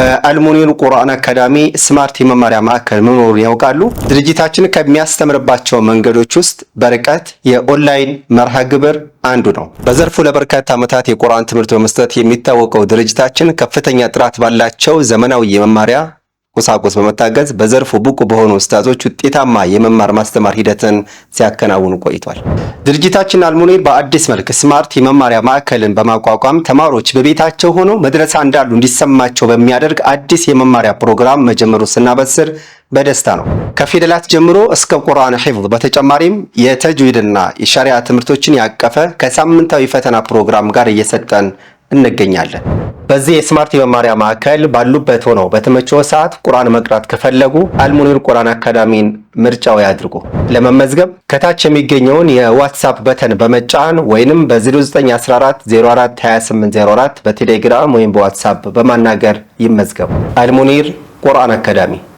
በአልሙኒየም ቁርአን አካዳሚ ስማርት የመማሪያ ማዕከል መኖሩን ያውቃሉ? ድርጅታችን ከሚያስተምርባቸው መንገዶች ውስጥ በርቀት የኦንላይን መርሃ ግብር አንዱ ነው። በዘርፉ ለበርካታ ዓመታት የቁርአን ትምህርት በመስጠት የሚታወቀው ድርጅታችን ከፍተኛ ጥራት ባላቸው ዘመናዊ የመማሪያ ቁሳቁስ በመታገዝ በዘርፉ ብቁ በሆኑ ወስታዞች ውጤታማ የመማር ማስተማር ሂደትን ሲያከናውኑ ቆይቷል። ድርጅታችን አልሙኒ በአዲስ መልክ ስማርት የመማሪያ ማዕከልን በማቋቋም ተማሪዎች በቤታቸው ሆነው መድረሳ እንዳሉ እንዲሰማቸው በሚያደርግ አዲስ የመማሪያ ፕሮግራም መጀመሩ ስናበስር በደስታ ነው። ከፊደላት ጀምሮ እስከ ቁርአን ሒፍዝ በተጨማሪም የተጅዊድና የሸሪዓ ትምህርቶችን ያቀፈ ከሳምንታዊ ፈተና ፕሮግራም ጋር እየሰጠን እንገኛለን። በዚህ የስማርት የመማሪያ ማዕከል ባሉበት ሆነው በተመቸው ሰዓት ቁርአን መቅራት ከፈለጉ አልሙኒር ቁርአን አካዳሚን ምርጫው ያድርጉ። ለመመዝገብ ከታች የሚገኘውን የዋትሳፕ በተን በመጫን ወይንም በ0914042804 በቴሌግራም ወይም በዋትሳፕ በማናገር ይመዝገቡ። አልሙኒር ቁርአን አካዳሚ